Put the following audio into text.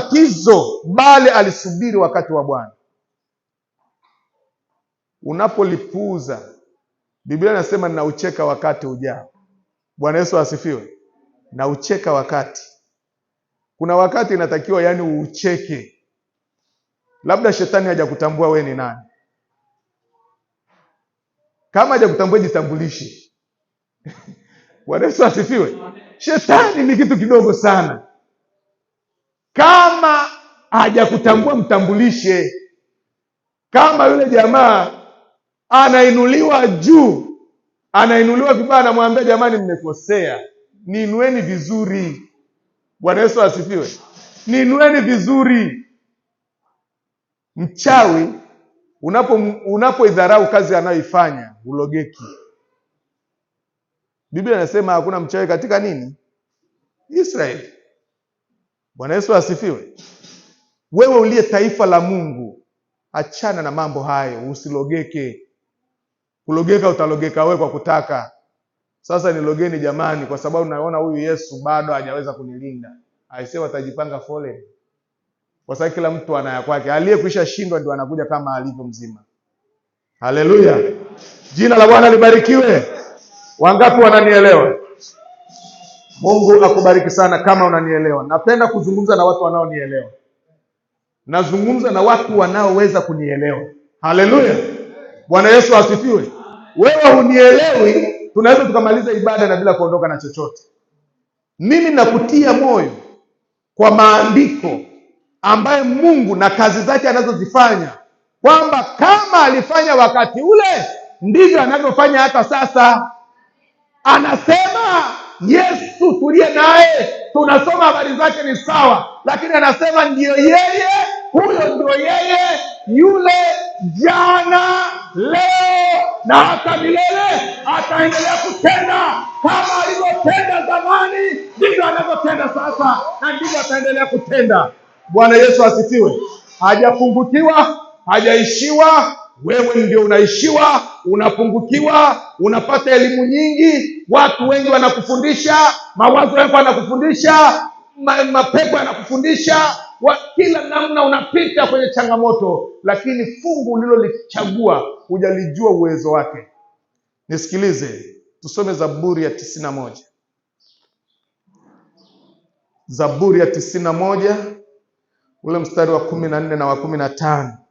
tatizo, bali alisubiri wakati wa Bwana. Unapolipuuza, Biblia inasema naucheka wakati ujao. Bwana Yesu asifiwe. Naucheka wakati, kuna wakati inatakiwa yani uucheke, labda shetani hajakutambua we ni nani. Kama hajakutambua jitambulishe. Bwana Yesu asifiwe. Shetani ni kitu kidogo sana kama hajakutambua mtambulishe. Kama yule jamaa anainuliwa juu, anainuliwa vibaya, anamwambia jamani, mmekosea, niinueni vizuri. Bwana Yesu asifiwe. Niinueni vizuri. Mchawi unapo unapoidharau kazi anayoifanya ulogeki. Biblia inasema hakuna mchawi katika nini Israeli. Bwana Yesu asifiwe. Wewe uliye taifa la Mungu, achana na mambo hayo, usilogeke. Kulogeka utalogeka wewe kwa kutaka. Sasa nilogeni jamani, kwa sababu naona huyu Yesu bado hajaweza kunilinda. aisewa atajipanga foleni, kwa sababu kila mtu anaya kwake. Aliyekwisha shindwa ndio anakuja kama alivyo mzima. Haleluya, jina la Bwana libarikiwe. Wangapi wananielewa? Mungu akubariki sana kama unanielewa. Napenda kuzungumza na watu wanaonielewa, nazungumza na watu wanaoweza kunielewa. Haleluya, Bwana Yesu asifiwe. Wewe hunielewi, tunaweza tukamaliza ibada na bila kuondoka na chochote. Mimi nakutia moyo kwa maandiko ambaye Mungu na kazi zake anazozifanya, kwamba kama alifanya wakati ule, ndivyo anavyofanya hata sasa. Anasema Yesu tuliye naye tunasoma habari zake ni sawa, lakini anasema ndiyo yeye huyo, ndio yeye yule jana, leo na hata milele. Ataendelea kutenda kama alivyotenda zamani, ndivyo anavyotenda sasa, na ndivyo ataendelea kutenda. Bwana Yesu asifiwe. Hajapungukiwa, hajaishiwa. Wewe ndio unaishiwa unapungukiwa, unapata elimu nyingi, watu wengi wanakufundisha, mawazo yako yanakufundisha, ma, mapepo yanakufundisha, kila namna unapita kwenye changamoto, lakini fungu ulilolichagua hujalijua uwezo wake. Nisikilize, tusome Zaburi ya tisini na moja Zaburi ya tisini na moja ule mstari wa kumi na nne na wa kumi na tano